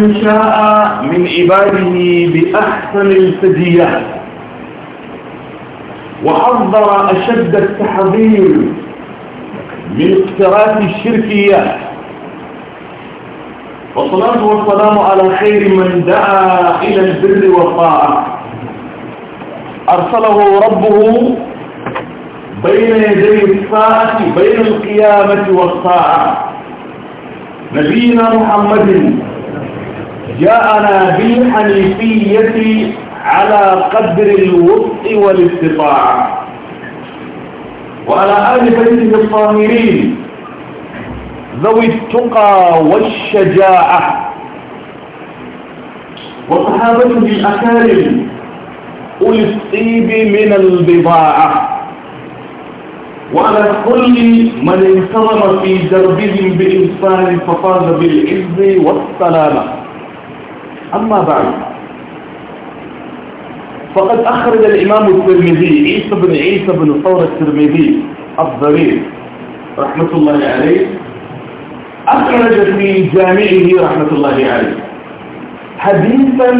من شاء من عباده بأحسن الفديات وحضر أشد التحذير من اقتراف الشركيات والصلاة والسلام على خير من دعا إلى البر والطاعة أرسله ربه بين يدي الساعة بين القيامة والطاعة نبينا محمد جاءنا بالحنيفية على قدر الوضع والاستطاعة وعلى آل بيته الطاهرين ذوي التقى والشجاعة وصحابته الأكارم أولي الطيب من البضاعة وعلى كل من انتظم في دربهم بإنسان ففاز بالعز والسلامة أما بعد فقد أخرج الإمام الترمذي عيسى بن عيسى بن ثور الترمذي الضرير رحمة الله عليه أخرج في جامعه رحمة الله عليه حديثا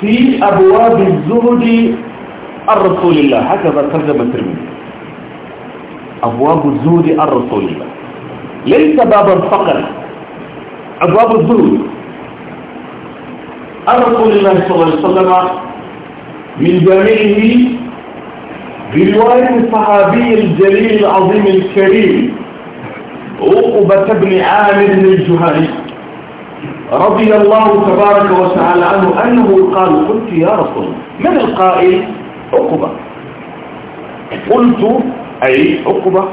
في أبواب الزهد الرسول الله هكذا ترجم الترمذي أبواب الزهد الرسول الله ليس بابا فقط أبواب الزهد عن رسول الله صلى الله عليه وسلم من جامعه برواية الصحابي الجليل العظيم الكريم عقبة بن عامر الجهني رضي الله تبارك وتعالى عنه أنه قال قلت يا رسول من القائل عقبة قلت أي عقبة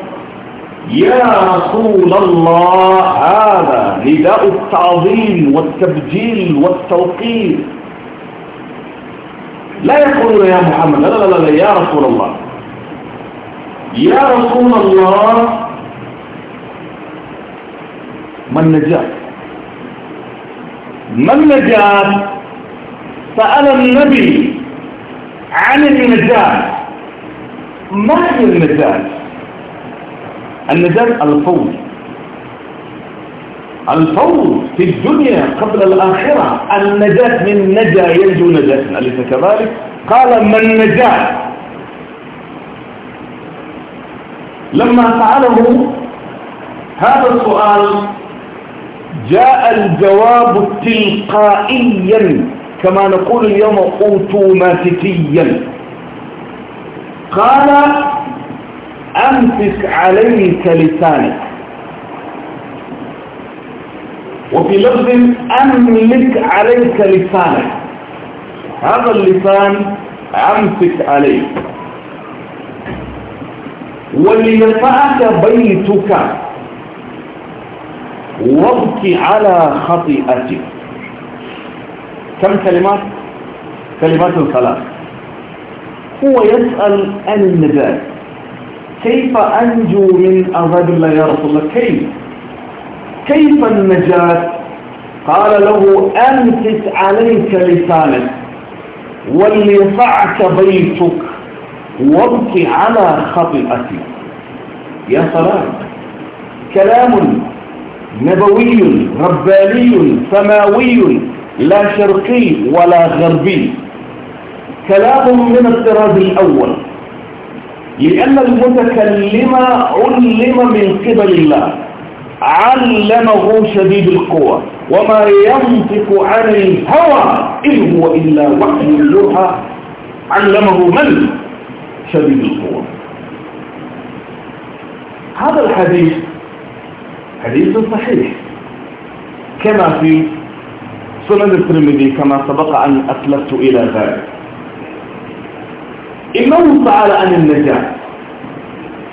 يا رسول الله هذا نداء التعظيم والتبجيل والتوقير لا يقولون يا محمد لا لا لا, لا يا رسول الله يا رسول الله ما النجاة ما النجاة سأل النبي عن النجاة ما هي النجاة النجاة الفوز الفوز في الدنيا قبل الآخرة النجاة من نجا ينجو نجاة أليس كذلك قال من نجا لما سأله هذا السؤال جاء الجواب تلقائيا كما نقول اليوم أوتوماتيكيا قال أمسك عليك لسانك وفي لفظ أملك عليك لسانك هذا اللسان أمسك عليه وليطعك بيتك وابكي على خطيئتك كم كلمات كلمات الثلاث هو يسأل عن النجاة كيف أنجو من عذاب الله يا رسول الله كيف كيف النجاة قال له أمسك عليك لسانك وليصعك بيتك وابك على خطئتك يا سلام كلام نبوي رباني سماوي لا شرقي ولا غربي كلام من الطراز الأول لأن المتكلم علم من قبل الله علمه شديد القوى وما ينطق عن الهوى إن هو إلا وحي يوحى علمه من شديد القوى هذا الحديث حديث صحيح كما في سنن الترمذي كما سبق أن أسلفت إلى ذلك إنه سأل عن النجاة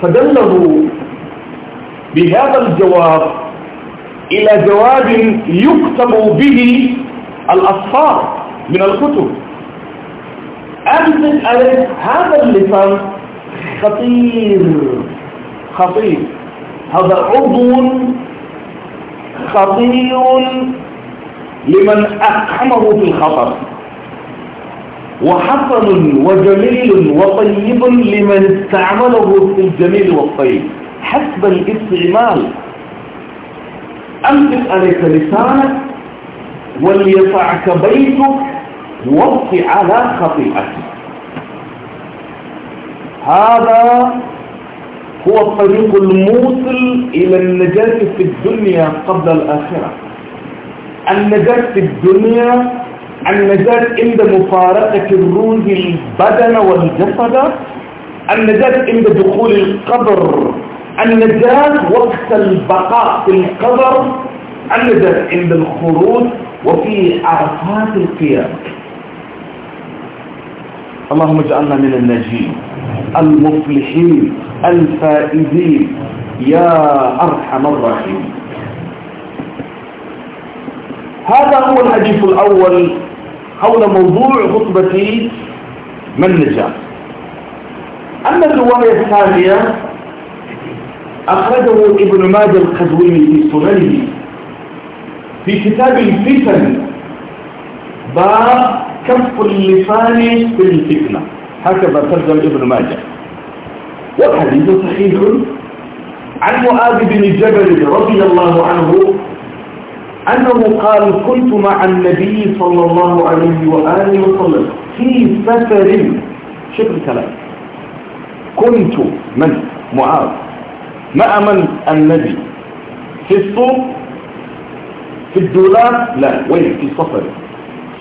فدله بهذا الجواب إلى جواب يكتب به الأصفار من الكتب أبدأ عليه هذا اللسان خطير خطير هذا عضو خطير لمن أقحمه في الخطر وحسن وجميل وطيب لمن استعمله في الجميل والطيب حسب الاستعمال أمسك عليك لسانك وليسعك بيتك وابق على خطيئتك هذا هو الطريق الموصل إلى النجاة في الدنيا قبل الآخرة النجاة في الدنيا النجاة عند مفارقة الروح البدن والجسد النجاة عند دخول القبر النجاة وقت البقاء في القبر النجاة عند الخروج وفي عرفات القيامة اللهم اجعلنا من الناجين المفلحين الفائزين يا أرحم الراحمين هذا هو الحديث الأول حول موضوع خطبة من نجا أما الرواية الثانية أخرجه ابن ماجه القزويني في سننه في كتاب الفتن باب كف اللسان في الفتنة هكذا ترجم ابن ماجه والحديث صحيح عن معاذ بن جبل رضي الله عنه أنه قال كنت مع النبي صلى الله عليه وآله وسلم في سفر شوف الكلام كنت من معاذ مع من النبي في الصوم في الدولاب لا وين في سفر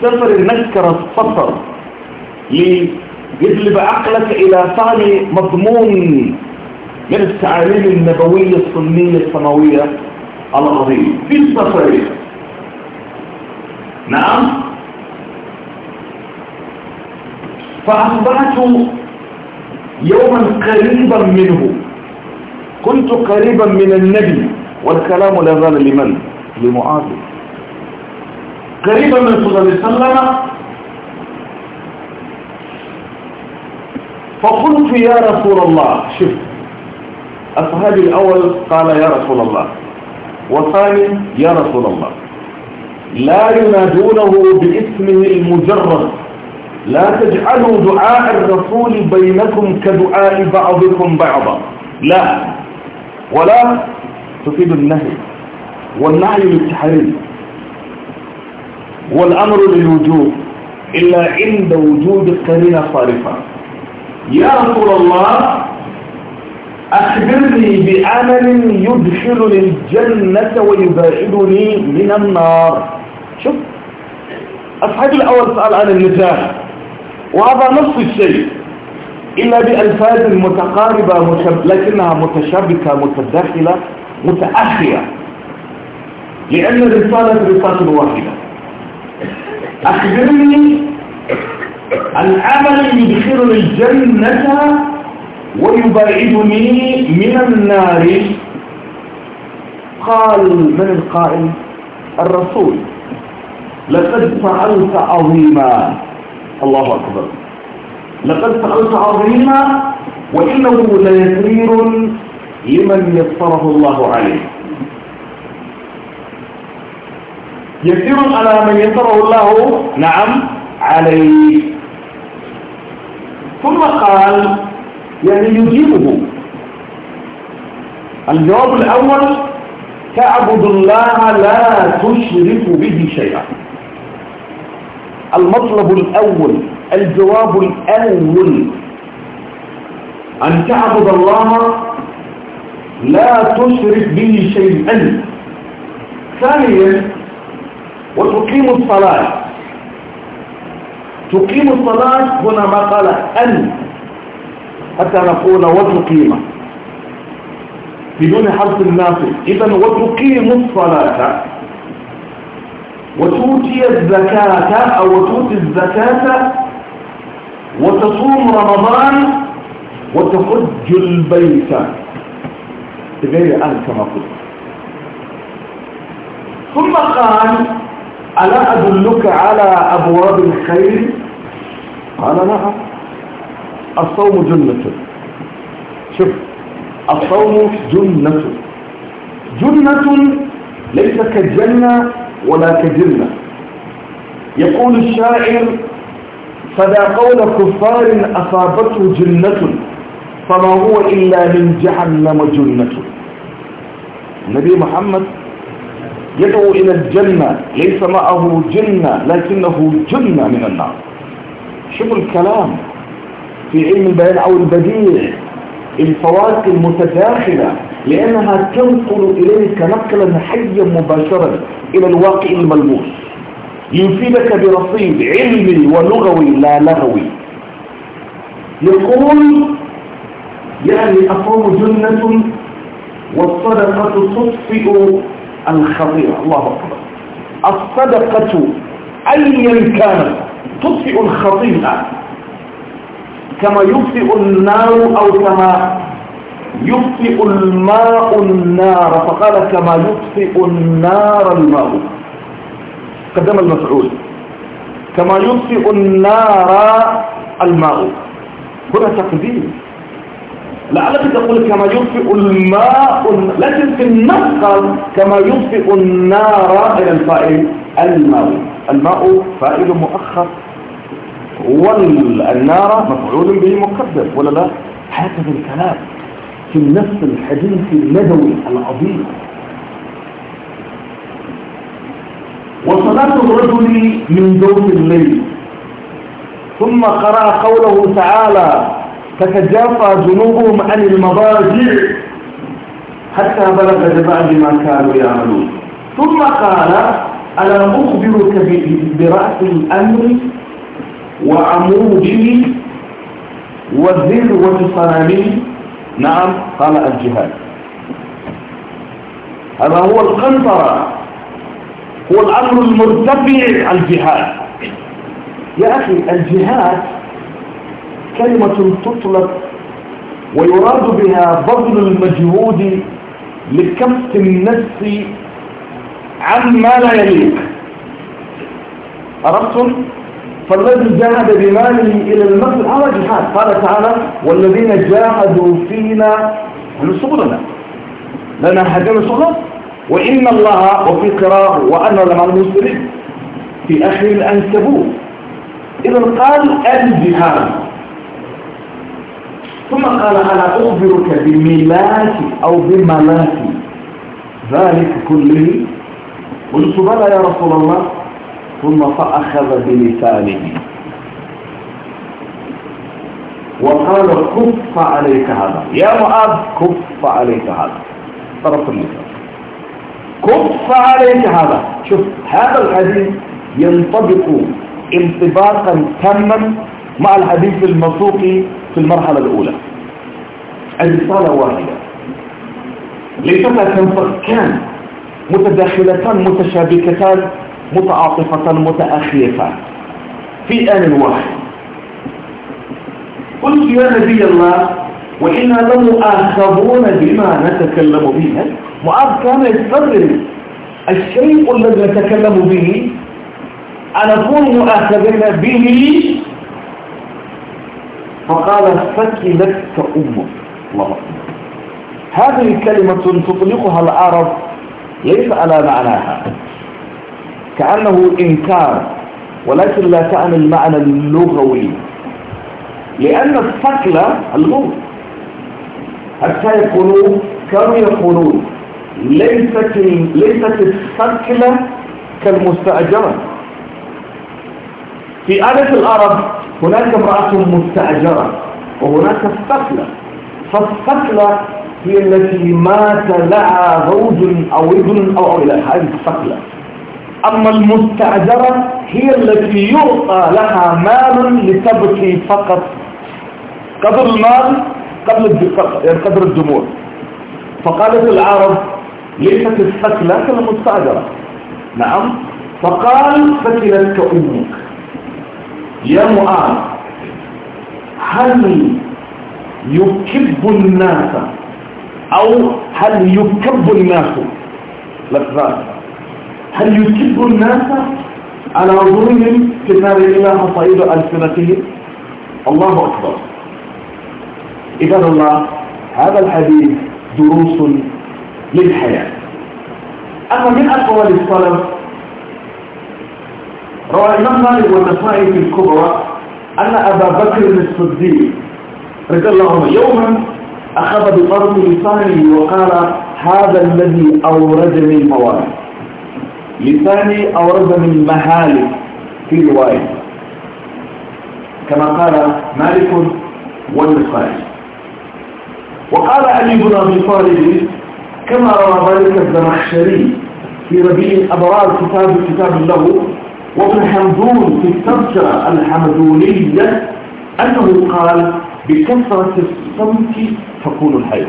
سفر نذكر السفر ليجلب عقلك إلى ثاني مضمون من التعاليم النبوية السنية السماوية على في السفرية نعم فأصبحت يوما قريبا منه كنت قريبا من النبي والكلام لا زال لمن لمعاذ قريبا من صلى الله عليه وسلم فقلت يا رسول الله شفت الصحابي الأول قال يا رسول الله وثاني يا رسول الله لا ينادونه باسمه المجرد لا تجعلوا دعاء الرسول بينكم كدعاء بعضكم بعضا لا ولا تفيد النهي والنهي للتحريم والأمر للوجوب إلا عند وجود القرينة صارفة يا رسول الله أخبرني بعمل يدخلني الجنة ويباعدني من النار شوف أصحاب الأول سأل عن النجاة وهذا نفس الشيء إلا بألفاظ متقاربة لكنها متشابكة متداخلة متأخية لأن الرسالة رسالة واحدة أخبرني العمل يدخلني الجنة ويبعدني من النار قال من القائل الرسول لقد فعلت عظيما الله أكبر لقد فعلت عظيما وإنه ليسير لمن يسره الله عليه يسير على من يسره الله نعم عليه ثم قال يعني يجيبه الجواب الأول تعبد الله لا تشرك به شيئا المطلب الأول الجواب الأول أن تعبد الله لا تشرك به شيئا ثانيا وتقيم الصلاة تقيم الصلاة هنا ما قال أن حتى نقول وتقيم بدون حرف الناصب إذا وتقيم الصلاة وتؤتي الزكاة أو وتؤتي الزكاة وتصوم رمضان وتحج البيت بغير أهل كما قلت ثم قال ألا أدلك على أبواب الخير قال نعم الصوم جنة شوف الصوم جنة جنة ليس كجنة ولا كجنة يقول الشاعر فذا قول كفار أصابته جنة فما هو إلا من جهنم جنة النبي محمد يدعو إلى الجنة ليس معه جنة لكنه جنة من النار شوف الكلام في علم البيان أو البديع الفواكه المتداخلة لأنها تنقل إليك نقلا حيا مباشرا إلى الواقع الملموس يفيدك برصيد علمي ولغوي لا لغوي يقول يعني الصوم جنة والصدقة تطفئ الخطيئة الله أكبر الصدقة أيا كانت تطفئ الخطيئة كما يطفئ النار أو كما يطفئ الماء النار فقال كما يطفئ النار الماء قدم المفعول كما يطفئ النار الماء هنا تقديم لعلك تقول كما يطفئ الماء لكن في النقل كما يطفئ النار إلى الفائل الماء الماء فائل مؤخر والنار مفعول به مقدر ولا لا هكذا الكلام في نفس الحديث النبوي العظيم وصلاة الرجل من دوت الليل ثم قرأ قوله تعالى تتجافى جنوبهم عن المضاجع حتى بلغ ببعض ما كانوا يعملون ثم قال ألا أخبرك برأس الأمر وعموده والذروة صنامه نعم قال الجهاد هذا هو القنطرة هو الأمر المرتفع الجهاد يا أخي الجهاد كلمة تطلق ويراد بها بذل المجهود لكف النفس عما لا يليق عرفتم؟ فالذي جاهد بماله إلى المسجد هذا جهاد قال تعالى والذين جاهدوا فينا هم صبرنا لنا حجم صبر وإن الله وفي قراءة وأنا لمع المسلمين في أخر الأنكبوت إذا قال الجهاد ثم قال أنا أخبرك بميلاتي أو بملاتي ذلك كله قلت بلى يا رسول الله ثم فأخذ بلسانه وقال كف عليك هذا يا معاذ كف عليك هذا طرف المثال كف عليك هذا شوف هذا الحديث ينطبق انطباقا تاما مع الحديث المنطوقي في المرحلة الأولى الرسالة واحدة ليست تنفكان متداخلتان متشابكتان متعاطفة متأخيفة في آن واحد قلت يا نبي الله وإنا لمؤاخذون بما نتكلم به معاذ كان يستغرب الشيء الذي نتكلم به أنكون مؤاخذين به فقال فكلت أمك الله أكبر هذه كلمة تطلقها العرب ليس على معناها كأنه إنكار ولكن لا تعني المعنى اللغوي لأن الثقل اللغة حتى يقولوا كم يقولون ليست ليست الثقل كالمستأجرة في آلة العرب هناك امرأة مستأجرة وهناك الثقل فالثقل هي التي مات لها زوج أو ابن أو إلى هذه الثقلة أما المستأجرة هي التي يعطى لها مال لتبكي فقط قدر المال قبل يعني قدر الدموع فقالت العرب ليست السكلة المستأجرة نعم فقال سكلتك أمك يا معاذ هل يكب الناس أو هل يكب الناس لفظات هل يكب الناس على ظلمهم في النار إلى مصائد ألسنتهم الله أكبر اذا الله هذا الحديث دروس للحياة أما من أقوال السلف روى الإمام مالك والنسائي في الكبرى أن أبا بكر الصديق رضي الله عنه يوما أخذ بطرف لسانه وقال هذا الذي أوردني الموارد لساني أورد من مهالك في رواية كما قال مالك والنخاري وقال علي بن أبي طالب كما روى ذلك الزمخشري في ربيع أبرار كتاب كتاب له وابن حمدون في التذكرة الحمدونية أنه قال بكثرة الصمت تكون الحيض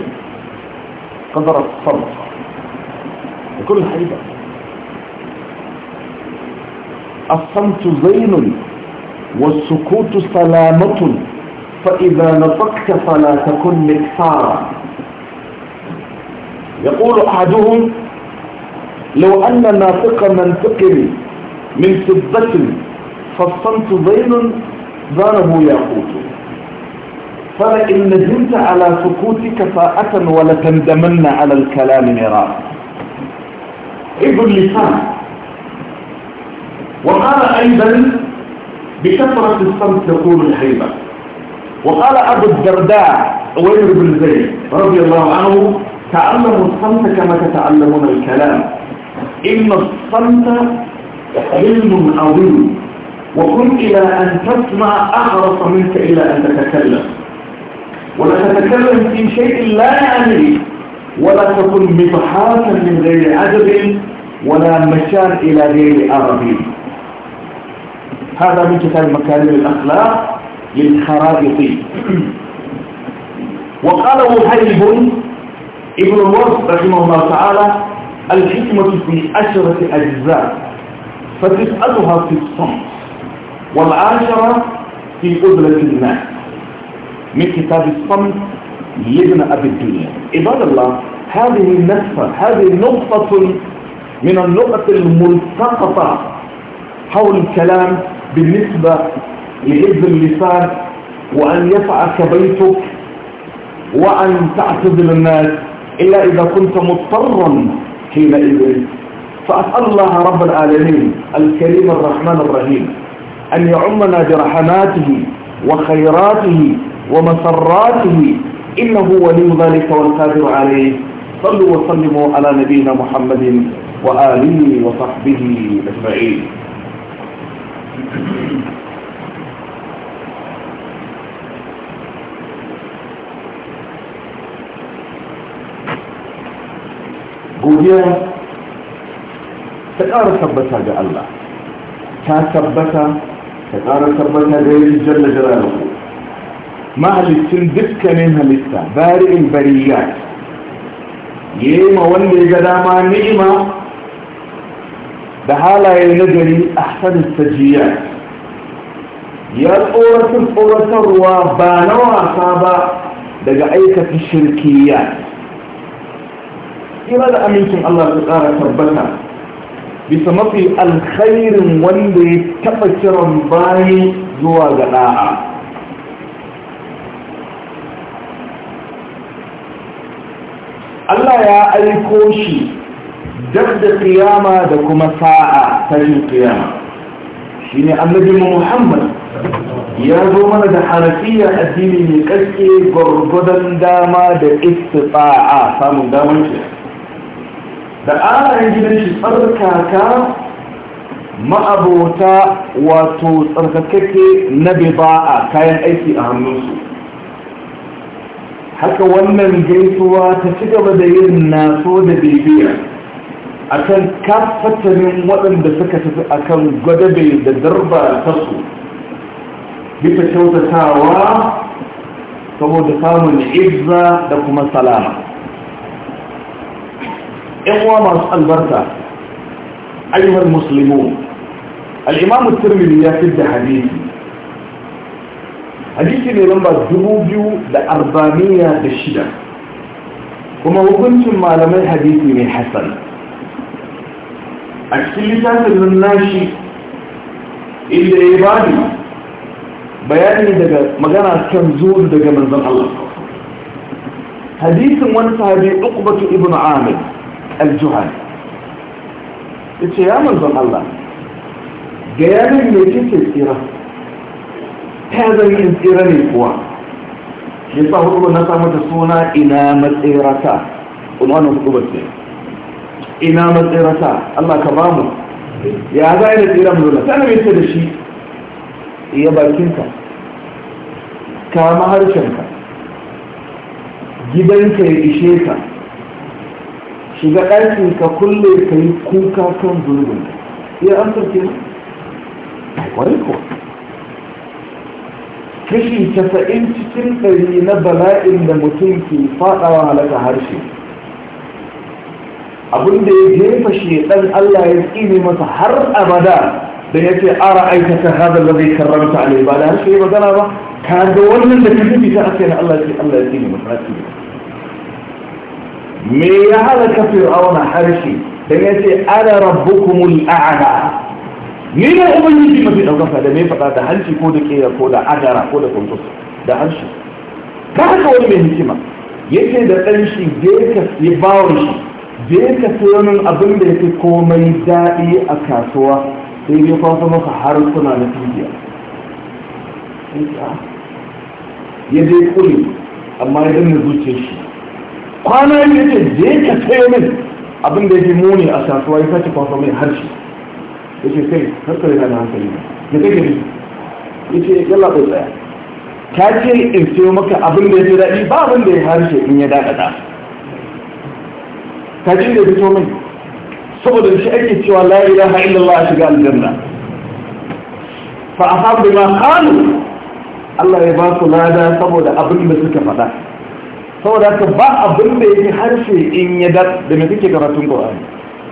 قدر الصمت تكون الحيضة الصمت زين والسكوت سلامة فإذا نطقت فلا تكن مكسارا يقول أحدهم لو أن ناطق منطقي من فضة فالصمت زين ضربوا ياقوت فلئن ندمت على سكوتك فاءة ولتندمن على الكلام مرارا إذ اللسان وقال أيضا بكثرة الصمت تكون الهيبة وقال أبو الدرداء عوير بن زيد رضي الله عنه تعلموا الصمت كما تتعلمون الكلام إن الصمت علم عظيم وكن إلى أن تسمع أحرص منك إلى أن تتكلم ولا تتكلم في شيء لا يعني ولا تكن مضحاكا من غير عدد ولا مشان إلى غير عربي هذا من كتاب مكارم الأخلاق للخرابطي وقال هيب ابن الورد رحمه الله تعالى الحكمة في عشرة أجزاء فتسألها في الصمت والعاشرة في قدرة الناس من كتاب الصمت لابن أبي الدنيا عباد الله هذه النقطة هذه نقطة من النقط الملتقطة حول الكلام بالنسبة لعز اللسان وأن يفعك بيتك وأن تعتزل الناس إلا إذا كنت مضطرا حينئذ فأسأل الله رب العالمين الكريم الرحمن الرحيم أن يعمنا برحماته وخيراته ومسراته إنه ولي ذلك والقادر عليه صلوا وسلموا على نبينا محمد وآله وصحبه أجمعين Gobe, ta ƙara tabbata ga Allah ta tabbata ta ƙara tabbata ga yin jalla ku. mahalicin dukkanin halitta bari bari ya yi ma wanda ya ga dama ni'ima da halaye na gari a sanin tajiya ya tsoratar tsoratarwa ba na wasa ba daga aikata shirkiya kira da amincin allah su ƙara tabbata bisa mafi alkhairin wanda ya taɓa kiran bayi zuwa ga ɗa'a Allah ya aiko shi dab da kiyama da kuma sa'a tashin kiyama shine annabi muhammad ya zo mana da harafiya addini mai kaske gwargwadon dama da istifa'a samun damar shi da alayen gidan shi tsarkaka ma'abota wato tsarkakake na beba'a kayan aiki a hannunsu haka wannan gaisuwa ta ci gaba da yin naso da bibiya akan kafatanin waɗanda suka tafi akan gwadabe da darba ta su bisa kyautatawa saboda samun izza da kuma salama uwa masu albarta ayyuhar musulmi al'imamu turmini ya fi da hadisi hadisi ne lamba shida, kuma hukuncin malamai hadisi ne hassan a cikin littafin nan nashi inda ya ba ni bayani daga magana kan zuwa daga manzon Allah hadisin wani sahabi uqbatu ibn amir al-juhani yace ya manzon Allah ga yanar ne kike tsira ta yin tsira ne kuwa ya sa hudu na samu da suna ina matsirata unwanin hudu ba ina matsirata Allah ka ba mu ya za da tsira mu dole sanar ita da shi iya bakinka kama harshenka gidanka ya ishe ka shiga ɗakin ka kulle ka yi kuka kan zulubin iya amsar ke kwarai ko kashi casa'in cikin ɗari na bala'in da mutum ke faɗawa halaka harshe abin da ya jefa shi dan Allah ya tsine masa har abada da ya ce ara aikata hada lalai karramta alai ba da harshe magana ba ka ga wannan da ka tafi ta aka na Allah ya Allah ya tsine masa me ya ka halaka fir'auna harshe da ya ce ana rabbukumul a'la ni ne ubangiji mafi ɗaukaka da mai faɗa da hanci ko da ƙera ko da adara ko da kuntus da hanci Ka haka wani mai hikima yake da ɗan shi je ka yi bawon shi je ka siyo min abin da yake komai daɗi a kasuwa sai ya kwanfa maka har suna na tijiya ya je kuli amma ya na zuce shi kwana yi yake ce je ka siyo min abin da yake muni a kasuwa ya sace kwanfa mai harshe ya ce kai hankali na hankali ne da kake ne ya ce yalla ko tsaya ta ce in siyo maka abin da ya fi daɗi ba abin da ya harshe in ya dakata kajin da fito mai saboda shi ake cewa la ilaha illallah a shiga aljanna fa ahabu ma qalu Allah ya ba su lada saboda abin da suka faɗa saboda ka ba abin da yake harshe in ya da da me kike karatun Qur'ani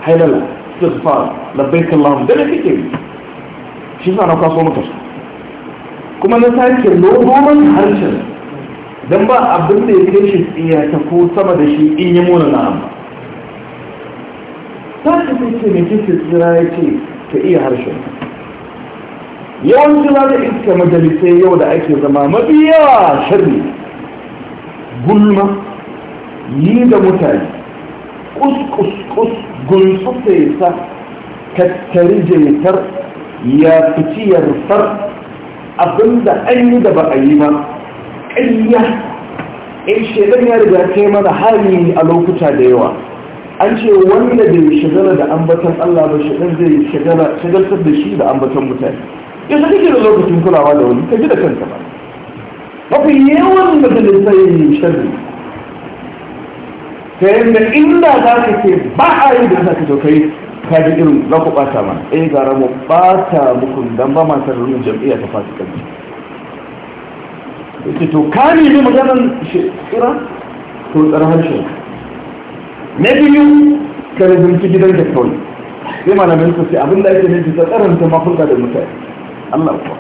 halala istighfar labbaik Allahumma da me kike shi sa na kwaso maka kuma na sake loboman harshen dan ba abin da yake shi tsiya ta ko sama da shi in ya mona na amma ta ka ce mai kike ya ce ka iya harshen yawanci za da iska majalisai yau da ake zama mafi yawa sharri gulma yi da mutane kus-kus-kus gunsu sa tattari jaitar ya fici rufar abinda an yi da ba yi ba ƙayya in eh, shaidan ya riga kai mana hali a lokuta da yawa an ce wanda bai shagala da ambaton Allah ba shaɗan zai shagaltar da shi da ambaton mutane yasa kake da lokacin kulawa da wani ka da kanka ba mafi yawan majalisa yin sharri ta yadda inda za ka ke ba a yi da za ka kai ka ji irin za ku ɓata ma eh gara mu ɓata muku dan ba ma rumin jam'iyya ta fasu kanci ce to ka nemi maganar shira to tsar harshen na biyu ka rubuci gidan da kawai sai malamin su sai abinda ake nufi ta tsaranta mafulka da mutane Allah kuwa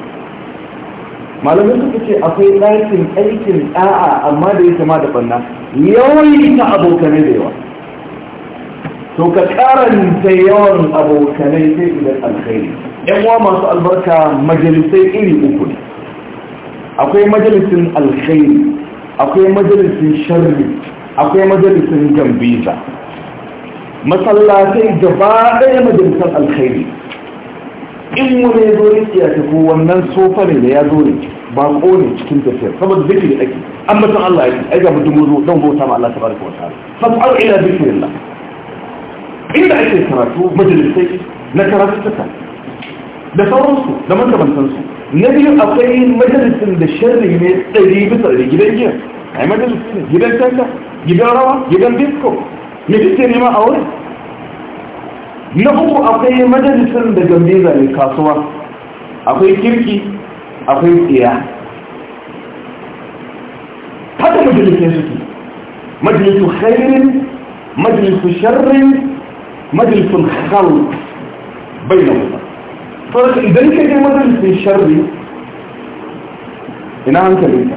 malamin su ce akwai ɗakin aikin ɗa'a amma da ya kama da banna yawaita abokanai da yawa to ka karanta yawan abokanai sai idan alkhairi yan uwa masu albarka majalisai iri uku ne akwai majalisin alkhairi akwai majalisin sharri akwai majalisun gambiza masallatai gaba ɗaya majalisar alkhairi in wani ya zo riki ya tafi wannan sofa ne da ya zo ne ba ne cikin tafiyar saboda zikiri ake an mutum Allah ya ce ai ga mutum zo don bauta ma Allah ta tabaraka wa ta'ala fas'al ila zikrillah inda ake karatu majalisai na karatu ta da sauransu da makamantansu na biyu akwai majalisin da sharri ne ɗari bisa da gidan giya ai majalisin gidan tanka gidan rawa gidan disco me kike nema a wurin na uku akwai majalisar da gambe ne kasuwa akwai kirki akwai tsiya haka majalisar suke majalisun khairin majalisun sharrin majalisun khalq bai na wuta farko idan ka je majalisun sharri ina hankalinka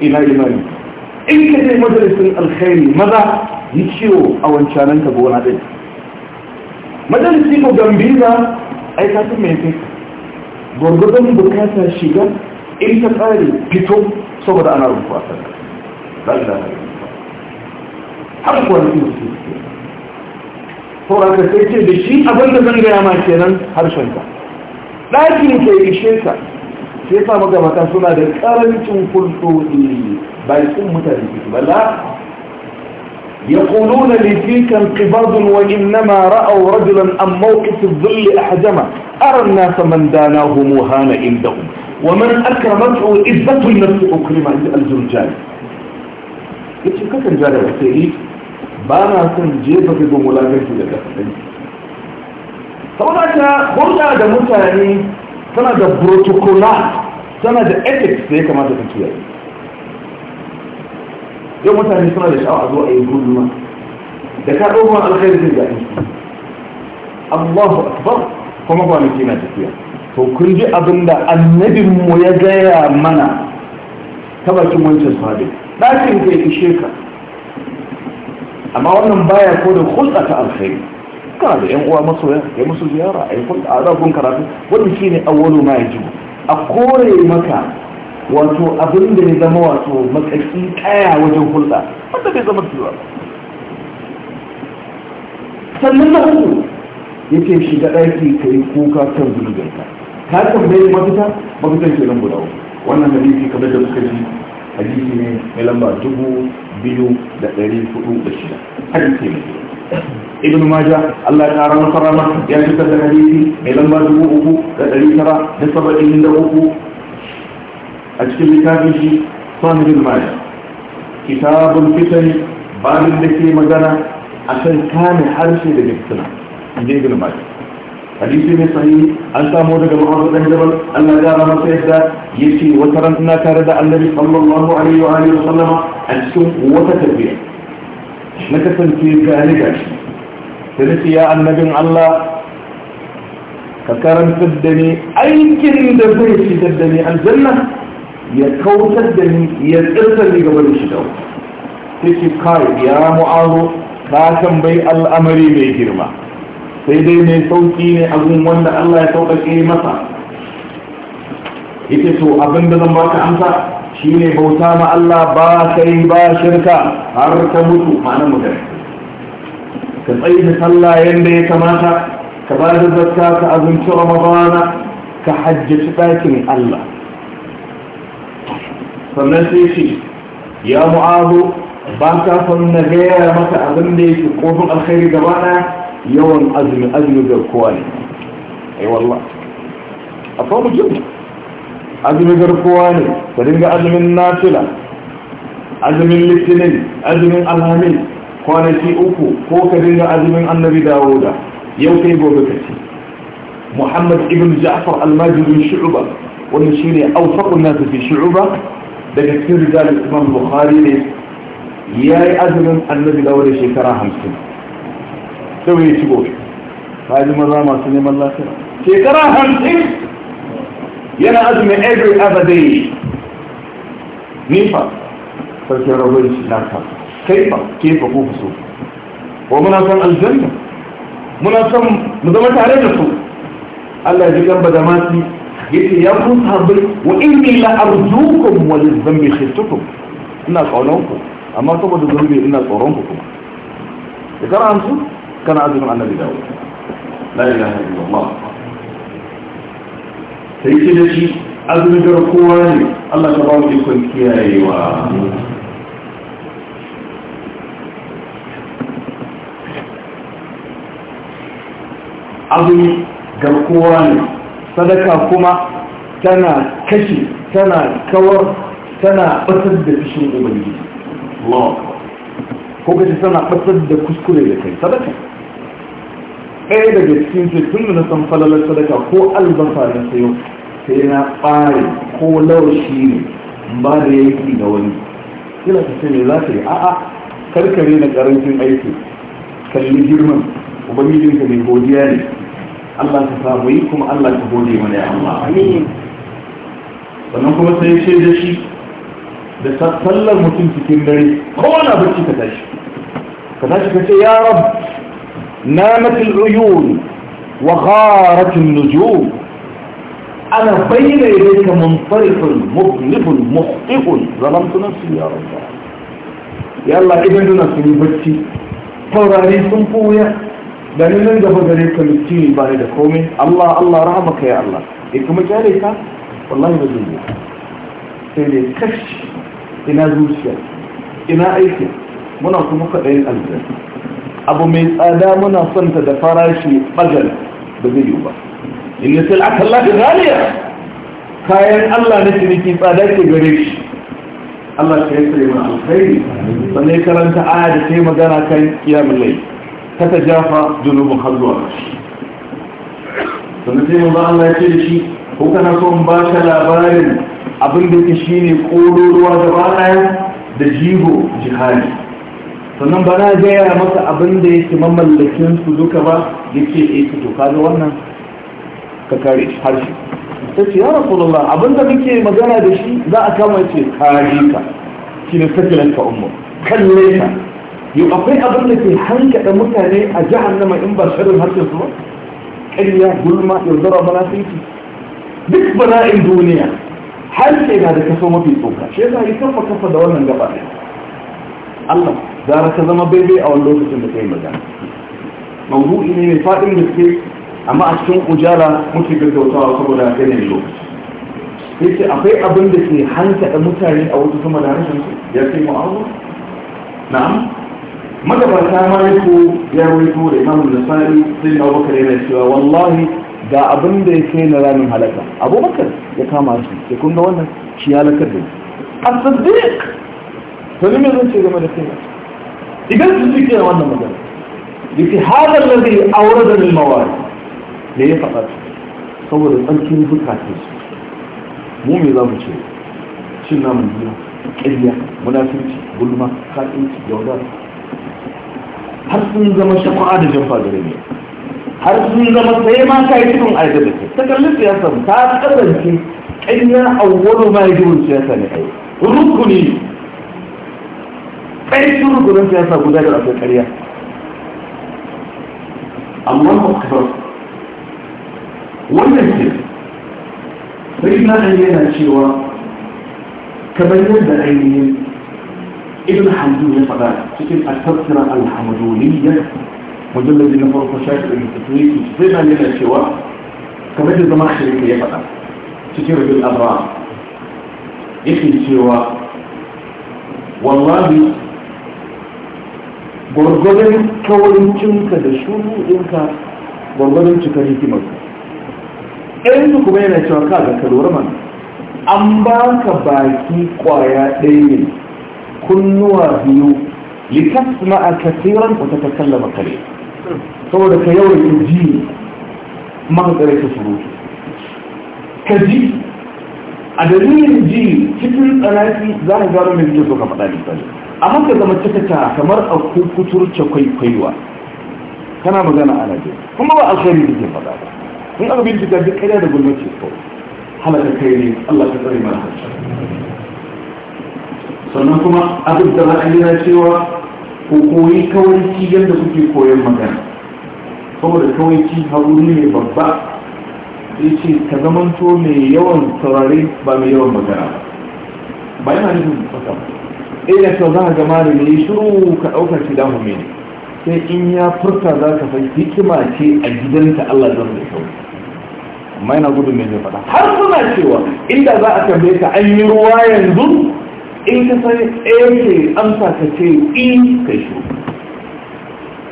ina imaninka in ka je majalisun alkhairi maza yi ciwo a wancanan ka gona ɗin majalisi ko gambiza ai ka san mai kai gwargwadon bukatar shiga in ta tsari fito saboda ana rufu a sarka ba da har kuwa na kwanci su saboda ka sai ce da shi abinda zan gaya ma kenan harshen ka ɗakin ke ishe ka sai أنهم magabata suna da karancin kulɗoɗi ba ya kun mutane su يقولون لي فيك انقباض وإنما رأوا رجلا أم موقف الظل أحجما أرى الناس من داناه موهان عندهم ومن أكرمته إذة النفس أكرم الزرجان يتشي كتن جارة بسيئي بانا سن جيبا في بملاقين في لك سونا tana da protocola, tana da ethics da ya kamata ta kiyaye yau mutane suna da sha'awa zuwa a yi gulma da ka ɗauka wani alkhairi zai zaɓi Allahu akbar kuma kwanaki na tafiya to kun ji abin da annabinmu ya gaya mana ta bakin wancan sahabi ɗakin zai ishe ka amma wannan baya ko da hulɗa ta alkhairi haka da yan uwa masoya ya musu ziyara a kun a zafin karatu shi shine awwalu ma ji a kore maka wato abin da ya zama wato matsaki kaya wajen hulɗa wanda bai zama tiwa sannan na uku yake shiga ɗaki ka yi kuka kan zunubinka ka bai mafita mafitan ke nan guda wannan hadisi kamar da suka ji hadisi ne mai lamba dubu biyu da ɗari hudu da shida hadisi ne ابن ماجه الله تعالى نصرنا يا في الحديث لم يرجو ابو الذي ترى بسبب إلى ابو اجتمع كتابه فان ابن ماجه كتاب الفتن بعد الذي مجانا عشان كان حرش لجبتنا دي ابن ماجه حديثي من صحيح أنت مودة المحافظة من جبل أن جار مسيح ذا يشي وترن أنا كاردة النبي صلى الله عليه وآله وسلم أنسوا وتتبع نكسا في ذلك sai ya annabin Allah ka karantar da ni aikin da zai shigar da ni aljanna ya kautar da ni ya tsirtar ni gaba da shiga take kai ya mu'azu ka tambayi al'amari mai girma sai dai mai sauki ne abin wanda Allah ya sauƙaƙe masa ita to abin da zan baka amsa shine bauta ma Allah ba kai ba shirka har ka mutu ma'ana mutane كم أيه صلى ينبي كماك كبارد الزكاة أظن شو رمضان كحجة تاكن الله فمنسي شيء يا معاذ باكا فلن غير مكا أظن في قوفن الخير جبانا يوم أزم أزم جركواني أي والله أفهم الجنة أزم جركواني فلنجا أزم الناتلة أزم الاتنين أزم الهامين kwanaki uku ko ka dinga azumin annabi dawuda yau kai gobe ka ci muhammad ibn ja'far almajirin shu'uba wani shi ne aufakun nasu fi shu'uba daga cikin rigar imam bukhari ne ya yi azumin annabi dawuda shekara hamsin sau ya ci gobe ka ji maza masu neman lafiya shekara hamsin yana azumin every other day nifa sarkin rahoton shi na kasu kaifa kaifa ko ku so ko muna son aljanna muna son mu zama tare da su Allah ya ji gamba da mati yace ya kun sahabbai wa in illa arjukum wa lizambi khiftukum ina kaunan ku amma saboda zurbi ina tsoron ku kuma da kar an su kana azumin annabi dawo la ilaha illallah sai ce da shi azumin garkuwa ne Allah ta ba mu ikon kiyayewa azumi garkuwa ne sadaka kuma tana kashe tana kawar tana batar da fishin ubangiji ko kace tana batar da kuskure da kai sadaka ɗaya daga cikin sai tun da na san falalar sadaka ko albasa na sayo sai na ɓare ko lawashi ne ba da yanki ga wani kila ka ce me za ka yi a'a karkare na karancin aiki kalli girman ubangijinka mai godiya ne Allah ka samu yi kuma Allah ka gode mana ya Allah sannan kuma sai ce da shi da sallar mutum cikin dare kowane bacci ka tashi ka tashi ka ce ya rab namatul uyun wa gharatun nujum ana bayyana ilayka munfarifun mukhlifun mukhtifun zalamtu nafsi ya rab ya Allah idan duna sun yi bacci taurari sun koya da ni nan gaba gare ka miskini ba da komai Allah Allah rahama ka ya Allah e kuma kyale ka wallahi ba zai sai dai, kashi ina zuciya ina aiki muna kuma kaɗayin aljanna abu mai tsada muna son ta da farashi bagal ba zai yi ba inna sil'aka Allah da zaliya kayan Allah na ciniki tsada ke gare shi Allah ka yi tsare mana alkhairi sannan karanta aya da ta yi magana kan kiyamun laifi ta ta jafa junubun har zuwa yanzu Allah ya ce da shi ko kana so in ba ka labarin abin da ke shi ne ƙororuwa da baya da jigo jihari sannan ba na gaya masa abin da yake mamallakin su duka ba yake eh to kaga wannan ka kare harshe ta ce ya rasulullah abin da muke magana da shi za a kama ce kare ka shi ne sakilan ka kalle ka يبقى في قبل في حنكة أنها يعني أجعل لما ينبى شعره هاتي أنها حلية ظلمة يضرى بنا فيكي أنها بناء الدنيا حال شيء هذا أنها ما فيه صوكا شيء هذا أنها كفى دوال من قبل الله أنها كذا ما بيبي أو اللوزة أنها مجال موضوع إني من فائل أنها أما أشتون أجالة مسكي بلد أنها صبو لأخير اللوز يسي أخي أنها حنكة متهنة يعني أو تسمى لها نعم magabata maliku ya rubuto da imamu nasari sai na abubakar yana cewa wallahi ga abin da ya kai na ranar halaka abubakar ya kama shi ya kun ga wannan shi halakar da a saddiq to ne zan ce game da kai idan su suke da wannan magana yake hadar da zai aure da lilmawari da ya faɗa su? saboda tsarkin zukatun su mu me za mu ce cin namun biyu ƙirya munafinci gulma kaɗinci yaudara har sun zama shafa'a da jamfa gare ne har sun zama sai ma ka yi cikin aida da ke ta kalli siyasa ta kasance ƙanya a awwalu ma yi jibin siyasa ne kai rukuni ƙarshen rukunin siyasa guda da akwai ƙarya amma ba ku wannan ce sai na yana cewa kamar yadda ainihin ibn hanzu ya faɗa cikin al-tafsira al-hamaduliyya mujallabi na farko shafi da mutuwi sai na yana cewa kamar da zama shirka ya faɗa cikin rubin abra yake cewa wallahi gwargwadon kawancinka da shuru ɗinka gwargwadon cikar hikimarka ɗayan su kuma yana cewa ka ga kalorman an ba ka baki ƙwaya ɗaya ne kunnuwa biyu litasma'a kasiran wa tatakallama kare saboda ka yawan ji maka tsare ka surutu ka ji a dalilin ji cikin tsanaki za ka gano mai jiya ka faɗa misali a haka zama cikata kamar a kuturce kwaikwaiwa kana magana a najeriya kuma ba alkhairi da ke faɗa ba in aka bincika duk ƙarya da gulmace kawai halaka kai ne allah ka tsare mana harshe sannan kuma abin da za a yi cewa ku koyi kawai yadda kuke koyon magana saboda kawai ci hagu ne babba ya ce ka zamanto mai yawan saurare ba mai yawan magana ba yana nufin fasa ɗaya eh, da za a gama da mai shiru ka ɗaukar shi damu mai ne sai in ya furta za ka fai hikima ce a gidanta Allah zan da kyau amma yana gudun mai zai faɗa har suna cewa inda za a tambaye ka an yi ruwa yanzu in ka sai ake amsa ka ce in e kai shi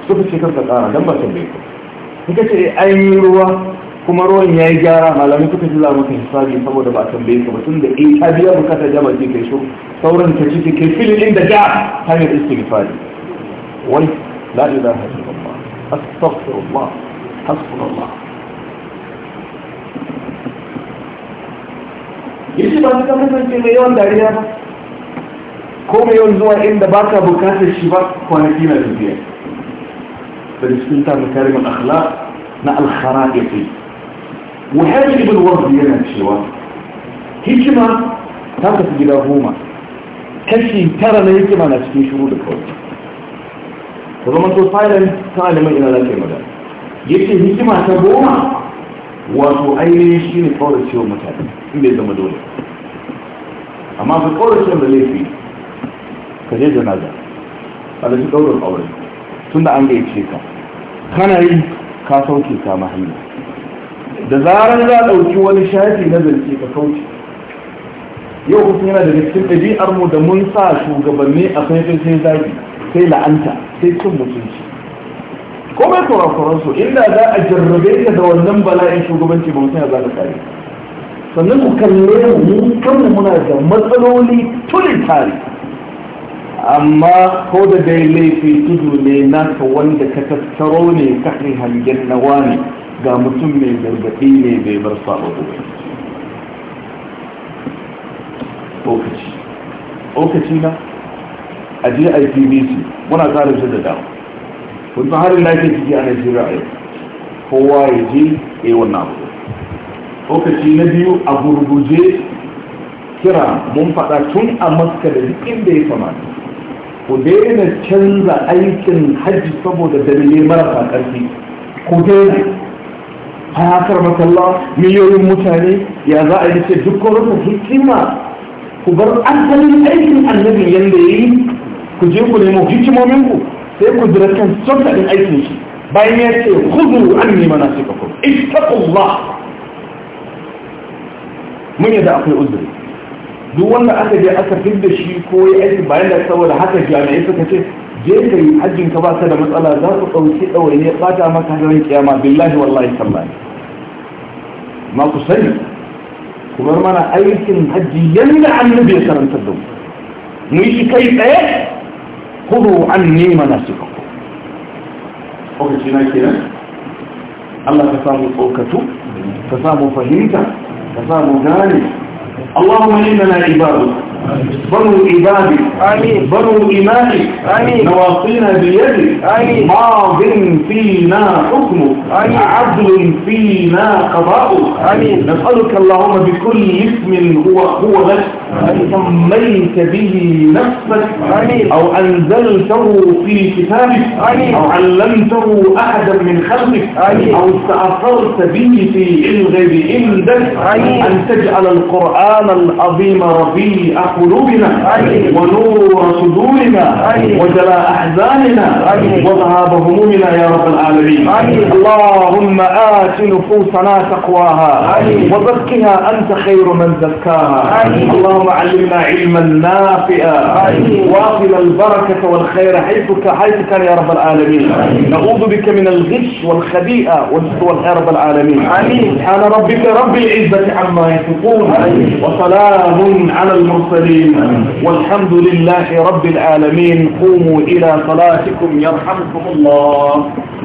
suka ce kan tsara don ba san su, suka ce an yi ruwa kuma ruwan ya yi gyara malamai suka ji zama maka hisabi saboda ba san bai ka mutum da in ta biya bukata jama ce kai shi sauran ta ciki ke filin inda da hanyar istighfari wai la ilaha illallah astaghfirullah hasbunallah yace ba su kasance mai yawan dariya ba komai yau zuwa inda ba ka bukatar shi ba kwanaki na tafiya da cikin tafi tarihin akhla na alkhara ya fi wahabi ibn wardi yana cewa hikima ta tafi gida goma kashi tara na hikima na cikin shuru da kawai ta zama to silent ta alimai ina lafiya magana yake hikima ta goma wato ainihin shi ne kawai cewa mutane inda ya zama dole amma ka kawai cewa da laifi ka je janaza a da shi ɗaurin aure tun da an gaice ka kana yi ka sauke ka hanya da zarar za a ɗauki wani shafi na zance ka kauce yau kusan yana daga cikin ɗabi'ar mu da mun sa shugabanni a faifin sai zagi sai la'anta sai cin mutunci ko mai kurakuran su inda za a jarrabe ka da wannan bala'in shugabanci ba mutum ya zaga kare sannan ku kalle mu kanmu muna da matsaloli tuni tare amma ko da dai laifi tudu ne naka wanda ka tattaro ne ka hangen nawa ne ga mutum mai gargaɗi ne bai bar sabo ba lokaci okaci na a je ipbc muna tsarin shi da dama wani harin na ke ciki a najeriya a yau kowa ya je ya yi wannan abu okaci na biyu a gurguje kira mun faɗa tun a maska da duk inda ya kamata ku daina canza aikin hajji saboda dalilai marasa ƙarfi ku daina fatar makalla miliyoyin mutane ya za a yi ce duk rasa hikima ku bar asalin aikin annabi yadda ya yi ku je ku nemo hikimomin ku sai ku jira kan sauka ɗin aikin shi bayan ya ce kudu an nema na suka kuma ittaqullah mun yadda akwai uzuri duk wanda aka je aka fi da shi ko ya aiki bayan da saboda haka jami'ai suka ce je ka yi hajjin ka ba ka da matsala za su ɗauki ɗawaini ya ɓata maka ranar kiyama billahi wallahi sallahi ma ku sani kuma mana aikin hajji yanda annabi ya karanta da mu mu yi kai tsaye kudu an nema na su kako lokaci na kenan Allah ka samu tsokatu ka samu fahimta ka samu gane اللهم إننا عبادك بنو عبادك بنو إيمانك نواصينا بيدك ماض فينا حكمك عدل فينا قضاؤك نسألك اللهم بكل اسم هو هو لك أن سميت به نفسك أو أنزلته في كتابك أو علمته أحدا من خلقك أو استأثرت به في الغيب عندك أن تجعل القرآن العظيم ربيع قلوبنا ونور صدورنا وجلاء أحزاننا وذهاب همومنا يا رب العالمين اللهم آت نفوسنا تقواها وزكها أنت خير من زكاها اللهم اللهم علمنا علما نافعا واصل البركة والخير حيث حيث كان يا رب العالمين نعوذ بك من الغش والخبيئة والسوء يا رب العالمين سبحان ربك رب العزة عما يصفون وسلام على المرسلين والحمد لله رب العالمين قوموا إلى صلاتكم يرحمكم الله